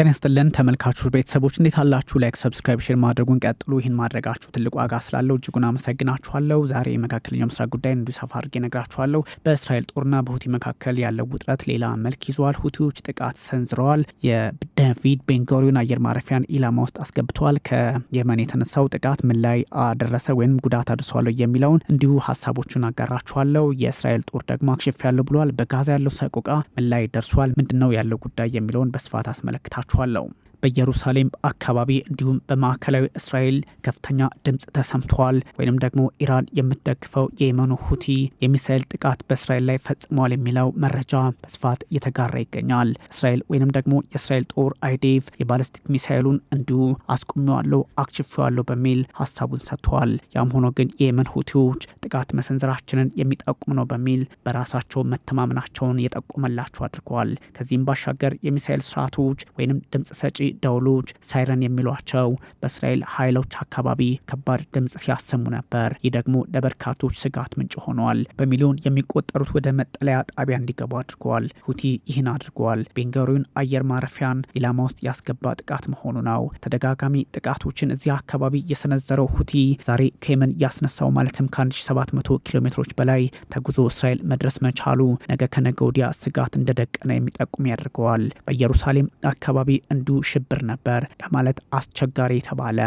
ጤና ይስጥልን ተመልካቹ ቤተሰቦች እንዴት አላችሁ? ላይክ፣ ሰብስክራይብ፣ ሼር ማድረጉን ቀጥሉ። ይህን ማድረጋችሁ ትልቅ ዋጋ ስላለው እጅጉን አመሰግናችኋለሁ። ዛሬ የመካከለኛው ምስራቅ ጉዳይ እንዲሁ ሰፋ አድርጌ እነግራችኋለሁ። በእስራኤል ጦርና በሁቲ መካከል ያለው ውጥረት ሌላ መልክ ይዟል። ሁቲዎች ጥቃት ሰንዝረዋል። የደቪድ ቤንጎሪዮን አየር ማረፊያን ኢላማ ውስጥ አስገብተዋል። ከየመን የተነሳው ጥቃት ምን ላይ አደረሰ ወይም ጉዳት አድርሰዋለሁ የሚለውን እንዲሁ ሀሳቦቹን አጋራችኋለሁ። የእስራኤል ጦር ደግሞ አክሽፍ ያለው ብሏል። በጋዛ ያለው ሰቆቃ ምን ላይ ደርሷል፣ ምንድን ነው ያለው ጉዳይ የሚለውን በስፋት አስመለክታል? አቀርብላችኋለሁ። በኢየሩሳሌም አካባቢ እንዲሁም በማዕከላዊ እስራኤል ከፍተኛ ድምፅ ተሰምተዋል። ወይንም ደግሞ ኢራን የምትደግፈው የየመኑ ሁቲ የሚሳኤል ጥቃት በእስራኤል ላይ ፈጽሟል የሚለው መረጃ በስፋት እየተጋራ ይገኛል። እስራኤል ወይንም ደግሞ የእስራኤል ጦር አይዴቭ የባለስቲክ ሚሳኤሉን እንዲሁ አስቆሚዋለሁ፣ አክሽፌዋለሁ በሚል ሀሳቡን ሰጥተዋል። ያም ሆኖ ግን የየመን ሁቲዎች ጥቃት መሰንዘራችንን የሚጠቁም ነው በሚል በራሳቸው መተማመናቸውን የጠቆመላቸው አድርገዋል። ከዚህም ባሻገር የሚሳኤል ስርዓቶች ወይንም ድምፅ ሰጪ ደውሎች ሳይረን የሚሏቸው በእስራኤል ኃይሎች አካባቢ ከባድ ድምፅ ሲያሰሙ ነበር። ይህ ደግሞ ለበርካቶች ስጋት ምንጭ ሆኗል። በሚሊዮን የሚቆጠሩት ወደ መጠለያ ጣቢያ እንዲገቡ አድርጓል። ሁቲ ይህን አድርጓል። ቤንጋሩን አየር ማረፊያን ኢላማ ውስጥ ያስገባ ጥቃት መሆኑ ነው። ተደጋጋሚ ጥቃቶችን እዚህ አካባቢ የሰነዘረው ሁቲ ዛሬ ከየመን ያስነሳው ማለትም ከ1700 ኪሎ ሜትሮች በላይ ተጉዞ እስራኤል መድረስ መቻሉ ነገ ከነገ ወዲያ ስጋት እንደደቀነ የሚጠቁም ያደርገዋል። በኢየሩሳሌም አካባቢ እንዲሁ ሽብር ነበር ለማለት አስቸጋሪ የተባለ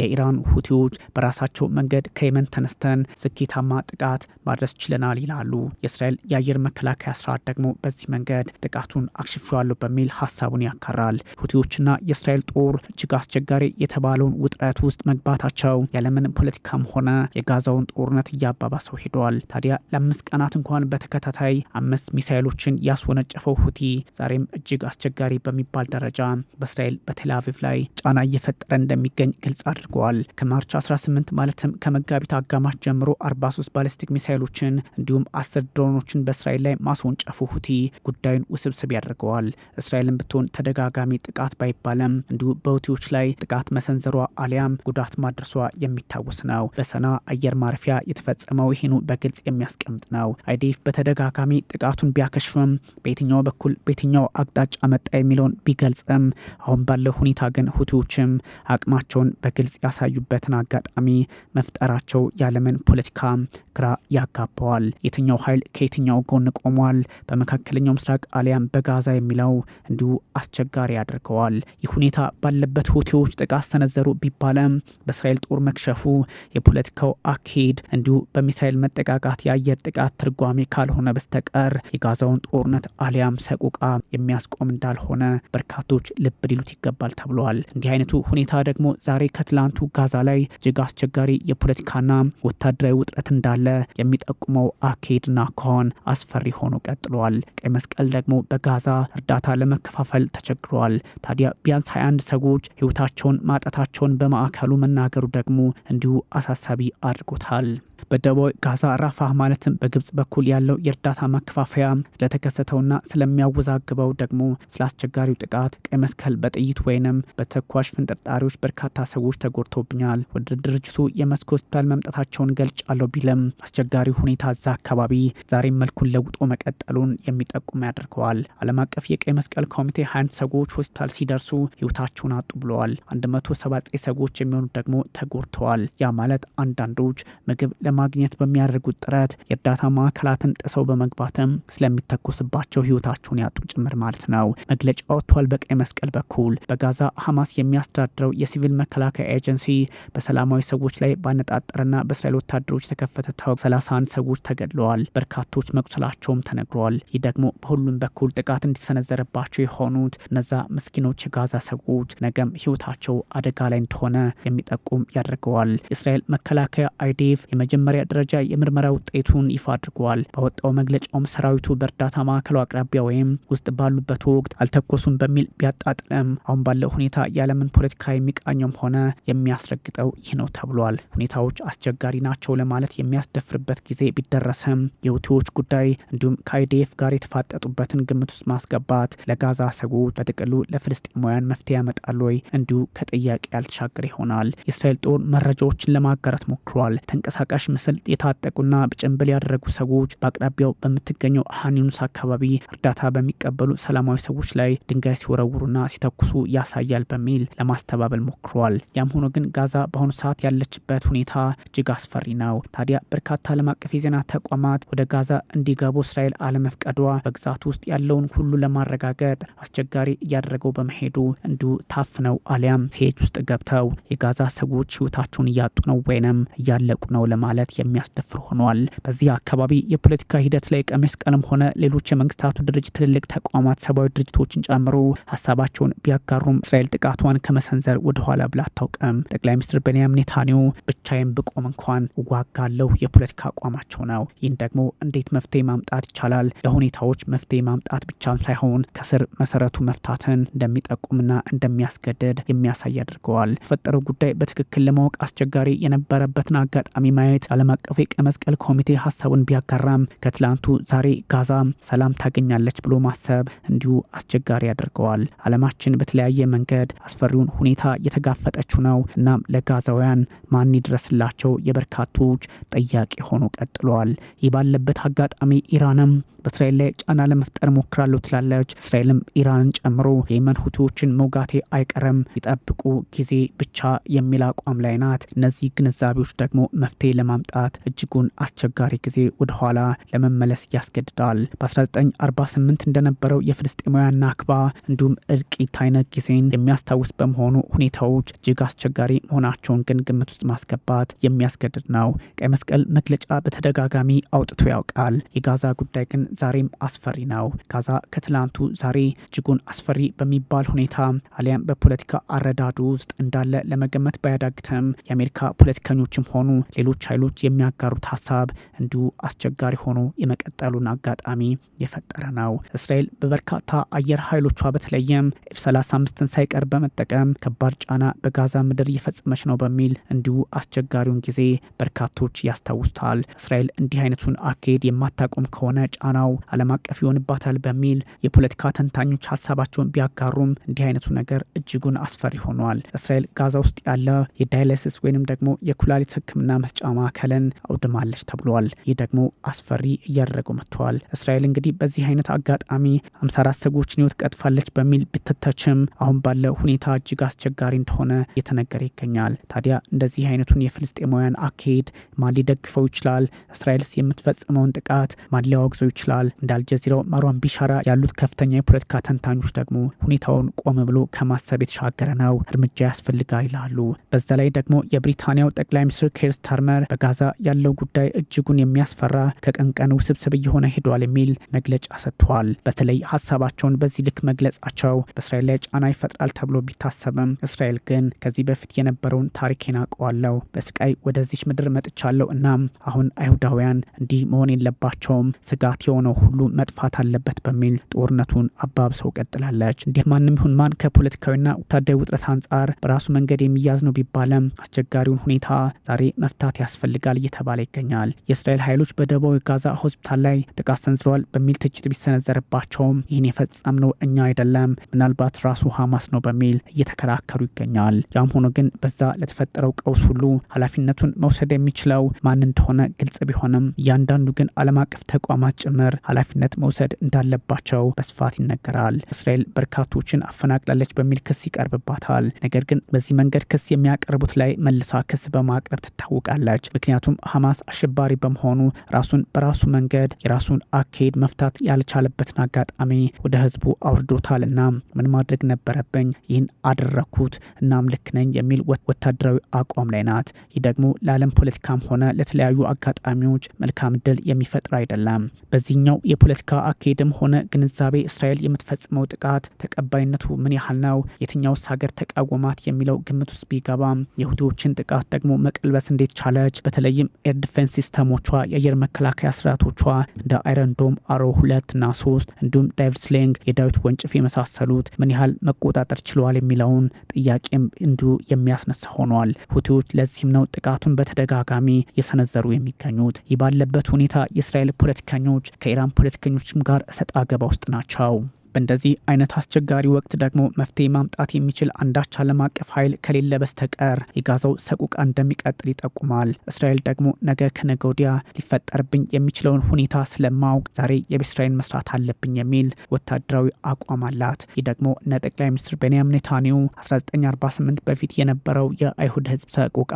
የኢራን ሁቲዎች በራሳቸው መንገድ ከየመን ተነስተን ስኬታማ ጥቃት ማድረስ ችለናል ይላሉ። የእስራኤል የአየር መከላከያ ስርዓት ደግሞ በዚህ መንገድ ጥቃቱን አክሽፌዋለሁ በሚል ሀሳቡን ያካራል። ሁቲዎችና የእስራኤል ጦር እጅግ አስቸጋሪ የተባለውን ውጥረት ውስጥ መግባታቸው ያለምን ፖለቲካም ሆነ የጋዛውን ጦርነት እያባባሰው ሄዷል። ታዲያ ለአምስት ቀናት እንኳን በተከታታይ አምስት ሚሳይሎችን ያስወነጨፈው ሁቲ ዛሬም እጅግ አስቸጋሪ በሚባል ደረጃ በእስራኤል በቴላቪቭ ላይ ጫና እየፈጠረ እንደሚገኝ ግልጽ አድርገዋል። ከማርች 18 ማለትም ከመጋቢት አጋማሽ ጀምሮ 43 ባለስቲክ ሚሳይሎችን እንዲሁም አስር ድሮኖችን በእስራኤል ላይ ማስወንጨፉ ሁቲ ጉዳዩን ውስብስብ ያደርገዋል። እስራኤልን ብትሆን ተደጋጋሚ ጥቃት ባይባለም እንዲሁ በሁቲዎች ላይ ጥቃት መሰንዘሯ አሊያም ጉዳት ማድረሷ የሚታወስ ነው። በሰና አየር ማረፊያ የተፈጸመው ይህኑ በግልጽ የሚያስቀምጥ ነው። አይዲኤፍ በተደጋጋሚ ጥቃቱን ቢያከሽፍም በየትኛው በኩል በየትኛው አቅጣጫ መጣ የሚለውን ቢገልጽም አሁን ባለው ሁኔታ ግን ሁቲዎችም አቅማቸውን በግልጽ ያሳዩበትን አጋጣሚ መፍጠራቸው የዓለምን ፖለቲካ ግራ ያጋባዋል። የትኛው ኃይል ከየትኛው ጎን ቆሟል፣ በመካከለኛው ምስራቅ አሊያም በጋዛ የሚለው እንዲሁ አስቸጋሪ አድርገዋል። ይህ ሁኔታ ባለበት ሁቲዎች ጥቃት ሰነዘሩ ቢባለም በእስራኤል ጦር መክሸፉ የፖለቲካው አካሄድ እንዲሁ በሚሳይል መጠቃቃት የአየር ጥቃት ትርጓሜ ካልሆነ በስተቀር የጋዛውን ጦርነት አሊያም ሰቆቃ የሚያስቆም እንዳልሆነ በርካቶች ልብ ሊሉት ይገባል ተብለዋል። እንዲህ አይነቱ ሁኔታ ደግሞ ዛሬ ከትላንቱ ጋዛ ላይ እጅግ አስቸጋሪ የፖለቲካና ወታደራዊ ውጥረት እንዳለ የሚጠቁመው አኬድና ከሆን አስፈሪ ሆኖ ቀጥሏል። ቀይ መስቀል ደግሞ በጋዛ እርዳታ ለመከፋፈል ተቸግሯል። ታዲያ ቢያንስ 21 ሰዎች ሕይወታቸውን ማጣታቸውን በማዕከሉ መናገሩ ደግሞ እንዲሁ አሳሳቢ አድርጎታል። በደቡብ ጋዛ ራፋህ ማለትም በግብጽ በኩል ያለው የእርዳታ ማከፋፈያ ስለተከሰተውና ስለሚያወዛግበው ደግሞ ስለ አስቸጋሪው ጥቃት ቀይ መስቀል በጥይት ወይንም በተኳሽ ፍንጥርጣሪዎች በርካታ ሰዎች ተጎድቶብኛል፣ ወደ ድርጅቱ የመስክ ሆስፒታል መምጣታቸውን ገልጫለሁ ቢልም አስቸጋሪ ሁኔታ እዛ አካባቢ ዛሬም መልኩን ለውጦ መቀጠሉን የሚጠቁም ያደርገዋል። ዓለም አቀፍ የቀይ መስቀል ኮሚቴ ሀያ ሰዎች ሆስፒታል ሲደርሱ ህይወታቸውን አጡ ብለዋል። 179 ሰዎች የሚሆኑ ደግሞ ተጎድተዋል። ያ ማለት አንዳንዶች ምግብ ለማግኘት በሚያደርጉት ጥረት የእርዳታ ማዕከላትን ጥሰው በመግባትም ስለሚተኮስባቸው ህይወታቸውን ያጡ ጭምር ማለት ነው። መግለጫ ወጥቷል። በቀይ መስቀል በኩል በጋዛ ሐማስ የሚያስተዳድረው የሲቪል መከላከያ ኤጀንሲ በሰላማዊ ሰዎች ላይ ባነጣጠረና በእስራኤል ወታደሮች የተከፈተ ተኩስ 31 ሰዎች ተገድለዋል፣ በርካቶች መቁሰላቸውም ተነግሯል። ይህ ደግሞ በሁሉም በኩል ጥቃት እንዲሰነዘረባቸው የሆኑት እነዛ ምስኪኖች የጋዛ ሰዎች ነገም ህይወታቸው አደጋ ላይ እንደሆነ የሚጠቁም ያደርገዋል። እስራኤል መከላከያ አይዲፍ የመጀመ የመጀመሪያ ደረጃ የምርመራ ውጤቱን ይፋ አድርጓል። በወጣው መግለጫውም ሰራዊቱ በእርዳታ ማዕከሉ አቅራቢያ ወይም ውስጥ ባሉበት ወቅት አልተኮሱም በሚል ቢያጣጥልም አሁን ባለው ሁኔታ የዓለምን ፖለቲካ የሚቃኘውም ሆነ የሚያስረግጠው ይህ ነው ተብሏል። ሁኔታዎች አስቸጋሪ ናቸው ለማለት የሚያስደፍርበት ጊዜ ቢደረስም የሁቲዎች ጉዳይ እንዲሁም ከአይዲኤፍ ጋር የተፋጠጡበትን ግምት ውስጥ ማስገባት ለጋዛ ሰጎች በጥቅሉ ለፍልስጤማውያን መፍትሄ ያመጣል ወይ እንዲሁ ከጥያቄ ያልተሻገር ይሆናል። የእስራኤል ጦር መረጃዎችን ለማጋራት ሞክሯል። ተንቀሳቃሽ በመሰል የታጠቁና በጭንብል ያደረጉ ሰዎች በአቅራቢያው በምትገኘው ሀኒኑስ አካባቢ እርዳታ በሚቀበሉ ሰላማዊ ሰዎች ላይ ድንጋይ ሲወረውሩና ሲተኩሱ ያሳያል በሚል ለማስተባበል ሞክሯል። ያም ሆኖ ግን ጋዛ በአሁኑ ሰዓት ያለችበት ሁኔታ እጅግ አስፈሪ ነው። ታዲያ በርካታ ዓለም አቀፍ የዜና ተቋማት ወደ ጋዛ እንዲገቡ እስራኤል አለመፍቀዷ በግዛት ውስጥ ያለውን ሁሉ ለማረጋገጥ አስቸጋሪ እያደረገው በመሄዱ እንዲሁ ታፍነው አሊያም ሴጅ ውስጥ ገብተው የጋዛ ሰዎች ህይወታቸውን እያጡ ነው ወይንም እያለቁ ነው ለማለት ለማለት የሚያስደፍር ሆኗል። በዚህ አካባቢ የፖለቲካ ሂደት ላይ ቀሚስ ቀለም ሆነ ሌሎች የመንግስታቱ ድርጅት ትልልቅ ተቋማት ሰብአዊ ድርጅቶችን ጨምሮ ሀሳባቸውን ቢያጋሩም እስራኤል ጥቃቷን ከመሰንዘር ወደኋላ ብላ አታውቅም። ጠቅላይ ሚኒስትር ቤንያሚን ኔታንያሁ ብቻዬን ብቆም እንኳን እዋጋለሁ የፖለቲካ አቋማቸው ነው። ይህን ደግሞ እንዴት መፍትሄ ማምጣት ይቻላል? ለሁኔታዎች መፍትሄ ማምጣት ብቻም ሳይሆን ከስር መሰረቱ መፍታትን እንደሚጠቁምና እንደሚያስገድድ የሚያሳይ አድርገዋል። የተፈጠረው ጉዳይ በትክክል ለማወቅ አስቸጋሪ የነበረበትን አጋጣሚ ማየት ዓለም አቀፉ የቀይ መስቀል ኮሚቴ ሀሳቡን ቢያጋራም ከትላንቱ ዛሬ ጋዛ ሰላም ታገኛለች ብሎ ማሰብ እንዲሁ አስቸጋሪ ያደርገዋል። ዓለማችን በተለያየ መንገድ አስፈሪውን ሁኔታ እየተጋፈጠችው ነው። እናም ለጋዛውያን ማን ይድረስላቸው የበርካቶች ጥያቄ ሆኖ ቀጥሏል። ይህ ባለበት አጋጣሚ ኢራንም በእስራኤል ላይ ጫና ለመፍጠር ሞክራለሁ ትላለች። እስራኤልም ኢራንን ጨምሮ የየመን ሁቲዎችን መውጋቴ አይቀርም ይጠብቁ ጊዜ ብቻ የሚል አቋም ላይ ናት። እነዚህ ግንዛቤዎች ደግሞ መፍትሄ ለማ ለማምጣት እጅጉን አስቸጋሪ ጊዜ ወደኋላ ለመመለስ ያስገድዳል። በ1948 እንደነበረው የፍልስጤማውያን ናክባ እንዲሁም እልቂት አይነት ጊዜን የሚያስታውስ በመሆኑ ሁኔታዎች እጅግ አስቸጋሪ መሆናቸውን ግን ግምት ውስጥ ማስገባት የሚያስገድድ ነው። ቀይ መስቀል መግለጫ በተደጋጋሚ አውጥቶ ያውቃል። የጋዛ ጉዳይ ግን ዛሬም አስፈሪ ነው። ጋዛ ከትላንቱ ዛሬ እጅጉን አስፈሪ በሚባል ሁኔታ አሊያም በፖለቲካ አረዳዱ ውስጥ እንዳለ ለመገመት ባያዳግተም የአሜሪካ ፖለቲከኞችም ሆኑ ሌሎች ኃይሎች ሌሎች የሚያጋሩት ሀሳብ እንዲሁ አስቸጋሪ ሆኖ የመቀጠሉን አጋጣሚ የፈጠረ ነው። እስራኤል በበርካታ አየር ኃይሎቿ በተለይም ኤፍ 35ን ሳይቀር በመጠቀም ከባድ ጫና በጋዛ ምድር እየፈጸመች ነው በሚል እንዲሁ አስቸጋሪውን ጊዜ በርካቶች ያስታውሱታል። እስራኤል እንዲህ አይነቱን አካሄድ የማታቆም ከሆነ ጫናው ዓለም አቀፍ ይሆንባታል በሚል የፖለቲካ ተንታኞች ሀሳባቸውን ቢያጋሩም እንዲህ አይነቱ ነገር እጅጉን አስፈሪ ሆኗል። እስራኤል ጋዛ ውስጥ ያለ የዳይላይሲስ ወይንም ደግሞ የኩላሊት ሕክምና መስጫ ማዕከል ማዕከልን አውድማለች ተብሏል። ይህ ደግሞ አስፈሪ እያደረገው መጥተዋል። እስራኤል እንግዲህ በዚህ አይነት አጋጣሚ 54 ሰዎችን ህይወት ቀጥፋለች በሚል ብትተችም አሁን ባለው ሁኔታ እጅግ አስቸጋሪ እንደሆነ እየተነገረ ይገኛል። ታዲያ እንደዚህ አይነቱን የፍልስጤማውያን አካሄድ ማን ሊደግፈው ይችላል? እስራኤልስ የምትፈጽመውን ጥቃት ማን ሊያወግዘው ይችላል? እንደ አልጀዚራው ማሯን ቢሻራ ያሉት ከፍተኛ የፖለቲካ ተንታኞች ደግሞ ሁኔታውን ቆም ብሎ ከማሰብ የተሻገረ ነው፣ እርምጃ ያስፈልጋል ይላሉ። በዛ ላይ ደግሞ የብሪታንያው ጠቅላይ ሚኒስትር ኬር ስታርመር በጋ ጋዛ ያለው ጉዳይ እጅጉን የሚያስፈራ ከቀን ቀን ውስብስብ እየሆነ ሄዷል የሚል መግለጫ ሰጥተዋል። በተለይ ሀሳባቸውን በዚህ ልክ መግለጻቸው በእስራኤል ላይ ጫና ይፈጥራል ተብሎ ቢታሰብም እስራኤል ግን ከዚህ በፊት የነበረውን ታሪኬን አውቀዋለሁ፣ በስቃይ ወደዚች ምድር መጥቻለሁ፣ እናም አሁን አይሁዳውያን እንዲህ መሆን የለባቸውም፣ ስጋት የሆነው ሁሉ መጥፋት አለበት በሚል ጦርነቱን አባብሰው ቀጥላለች። እንዲህ ማንም ይሁን ማን ከፖለቲካዊና ወታደራዊ ውጥረት አንጻር በራሱ መንገድ የሚያዝ ነው ቢባለም አስቸጋሪውን ሁኔታ ዛሬ መፍታት ያስፈልጋል ይፈልጋል እየተባለ ይገኛል። የእስራኤል ኃይሎች በደቡባዊ ጋዛ ሆስፒታል ላይ ጥቃት ሰንዝረዋል በሚል ትችት ቢሰነዘርባቸውም ይህን የፈጸምነው እኛ አይደለም፣ ምናልባት ራሱ ሐማስ ነው በሚል እየተከራከሩ ይገኛል። ያም ሆኖ ግን በዛ ለተፈጠረው ቀውስ ሁሉ ኃላፊነቱን መውሰድ የሚችለው ማን እንደሆነ ግልጽ ቢሆንም እያንዳንዱ ግን ዓለም አቀፍ ተቋማት ጭምር ኃላፊነት መውሰድ እንዳለባቸው በስፋት ይነገራል። እስራኤል በርካቶችን አፈናቅላለች በሚል ክስ ይቀርብባታል። ነገር ግን በዚህ መንገድ ክስ የሚያቀርቡት ላይ መልሳ ክስ በማቅረብ ትታወቃለች። ምክንያቱም ሐማስ አሸባሪ በመሆኑ ራሱን በራሱ መንገድ የራሱን አካሄድ መፍታት ያልቻለበትን አጋጣሚ ወደ ህዝቡ አውርዶታልና ምን ማድረግ ነበረብኝ? ይህን አደረግኩት፣ እናም ልክ ነኝ የሚል ወታደራዊ አቋም ላይ ናት። ይህ ደግሞ ለዓለም ፖለቲካም ሆነ ለተለያዩ አጋጣሚዎች መልካም ድል የሚፈጥር አይደለም። በዚህኛው የፖለቲካ አካሄድም ሆነ ግንዛቤ እስራኤል የምትፈጽመው ጥቃት ተቀባይነቱ ምን ያህል ነው? የትኛውስ ሀገር ተቃወማት? የሚለው ግምት ውስጥ ቢገባም የሁቲዎችን ጥቃት ደግሞ መቀልበስ እንዴት ቻለች? በተለይም ኤር ዲፌንስ ሲስተሞቿ የአየር መከላከያ ስርዓቶቿ እንደ አይረንዶም አሮ ሁለትና ሶስት እንዲሁም ዳይቪድ ስሌንግ የዳዊት ወንጭፍ የመሳሰሉት ምን ያህል መቆጣጠር ችለዋል የሚለውን ጥያቄም እንዲሁ የሚያስነሳ ሆኗል። ሁቲዎች ለዚህም ነው ጥቃቱን በተደጋጋሚ የሰነዘሩ የሚገኙት። ይህ ባለበት ሁኔታ የእስራኤል ፖለቲከኞች ከኢራን ፖለቲከኞችም ጋር እሰጥ አገባ ውስጥ ናቸው። በእንደዚህ አይነት አስቸጋሪ ወቅት ደግሞ መፍትሄ ማምጣት የሚችል አንዳች ዓለም አቀፍ ኃይል ከሌለ በስተቀር የጋዛው ሰቁቃ እንደሚቀጥል ይጠቁማል። እስራኤል ደግሞ ነገ ከነገ ወዲያ ሊፈጠርብኝ የሚችለውን ሁኔታ ስለማውቅ ዛሬ የቤስራኤልን መስራት አለብኝ የሚል ወታደራዊ አቋም አላት። ይህ ደግሞ እነ ጠቅላይ ሚኒስትር ቤንያም ኔታንያሁ 1948 በፊት የነበረው የአይሁድ ህዝብ ሰቆቃ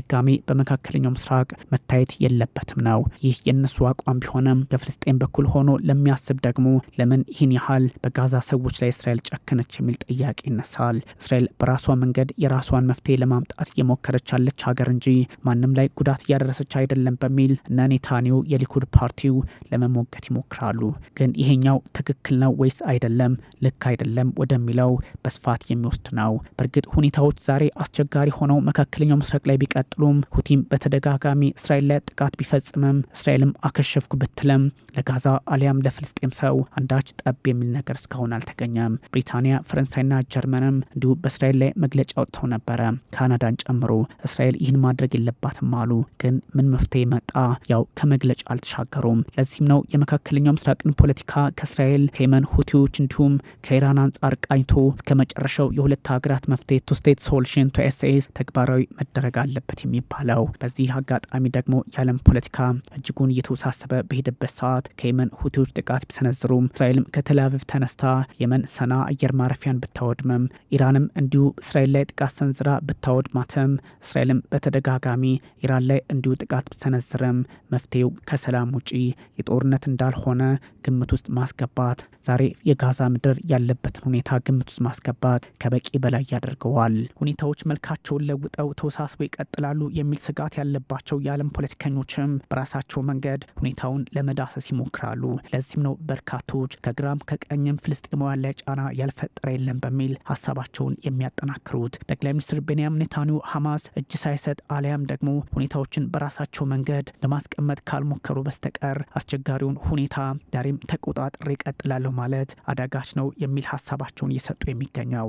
ድጋሜ በመካከለኛው ምስራቅ መታየት የለበትም ነው። ይህ የእነሱ አቋም ቢሆንም ከፍልስጤን በኩል ሆኖ ለሚያስብ ደግሞ ለምን ይህን ያህል በጋዛ ሰዎች ላይ እስራኤል ጨከነች የሚል ጥያቄ ይነሳል። እስራኤል በራሷ መንገድ የራሷን መፍትሄ ለማምጣት እየሞከረች ያለች ሀገር እንጂ ማንም ላይ ጉዳት እያደረሰች አይደለም በሚል እነ ኔታንያሁ የሊኩድ ፓርቲው ለመሞገት ይሞክራሉ። ግን ይሄኛው ትክክል ነው ወይስ አይደለም፣ ልክ አይደለም ወደሚለው በስፋት የሚወስድ ነው። በእርግጥ ሁኔታዎች ዛሬ አስቸጋሪ ሆነው መካከለኛው ምስራቅ ላይ ቢቀጥሉም ሁቲም በተደጋጋሚ እስራኤል ላይ ጥቃት ቢፈጽምም እስራኤልም አከሸፍኩ ብትለም ለጋዛ አሊያም ለፍልስጤም ሰው አንዳች ጠብ የሚል ነገር እስካሁን አልተገኘም። ብሪታንያ፣ ፈረንሳይና ጀርመንም እንዲሁ በእስራኤል ላይ መግለጫ ወጥተው ነበረ። ካናዳን ጨምሮ እስራኤል ይህን ማድረግ የለባትም አሉ። ግን ምን መፍትሄ መጣ? ያው ከመግለጫ አልተሻገሩም። ለዚህም ነው የመካከለኛው ምስራቅን ፖለቲካ ከእስራኤል ከየመን ሁቲዎች እንዲሁም ከኢራን አንጻር ቃኝቶ እስከ መጨረሻው የሁለት ሀገራት መፍትሄ ቱ ስቴት ሶሉሽን ቱ ኤስኤስ ተግባራዊ መደረግ አለበት የሚባለው። በዚህ አጋጣሚ ደግሞ የዓለም ፖለቲካ እጅጉን እየተወሳሰበ በሄደበት ሰዓት ከየመን ሁቲዎች ጥቃት ቢሰነዝሩም እስራኤልም ከቴል አቪቭ ተነስታ የመን ሰና አየር ማረፊያን ብታወድምም ኢራንም እንዲሁ እስራኤል ላይ ጥቃት ሰንዝራ ብታወድማትም እስራኤልም በተደጋጋሚ ኢራን ላይ እንዲሁ ጥቃት ብሰነዝርም መፍትሄው ከሰላም ውጪ የጦርነት እንዳልሆነ ግምት ውስጥ ማስገባት ዛሬ የጋዛ ምድር ያለበትን ሁኔታ ግምት ውስጥ ማስገባት ከበቂ በላይ ያደርገዋል። ሁኔታዎች መልካቸውን ለውጠው ተወሳስበው ይቀጥላሉ የሚል ስጋት ያለባቸው የዓለም ፖለቲከኞችም በራሳቸው መንገድ ሁኔታውን ለመዳሰስ ይሞክራሉ። ለዚህም ነው በርካቶች ከግራም ከቀኝ በስተቀኝም ፍልስጤማውያን ላይ ጫና ያልፈጠረ የለም በሚል ሀሳባቸውን የሚያጠናክሩት ጠቅላይ ሚኒስትር ቤንያሚን ኔታንያሁ ሐማስ እጅ ሳይሰጥ አሊያም ደግሞ ሁኔታዎችን በራሳቸው መንገድ ለማስቀመጥ ካልሞከሩ በስተቀር አስቸጋሪውን ሁኔታ ዛሬም ተቆጣጥሬ እቀጥላለሁ ማለት አዳጋች ነው የሚል ሀሳባቸውን እየሰጡ የሚገኘው